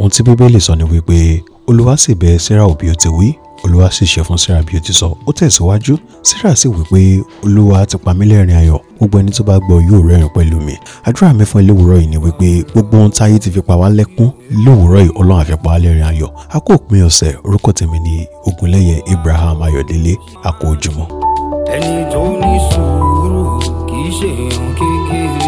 ohun tí bíbélì sọ ni wípé olúwa sì bẹ sarah ò bí ó ti wí olúwa sì ṣe fún sarah bí ó ti sọ ó tẹ̀síwájú sarah sì wí pé olúwa ti pa mí lẹ́rìn ayọ̀ gbogbo ẹni tó bá gbọ́ yóò rẹ́rìn pẹ̀lú mi àdúrà mi fún ẹlẹ́wùrọ̀ yìí ni wípé gbogbo ohun táyé ti fi pa wá lẹ́kún lówùrọ̀ yìí ọlọ́run àfi pa wá lẹ́rìn ayọ̀ a kò pín ọ̀sẹ̀ orúkọ tèmi ni ogunlẹ́yẹ Abraham Ayọ̀délé a ẹni tó ní sùúrù kì í ṣe ohun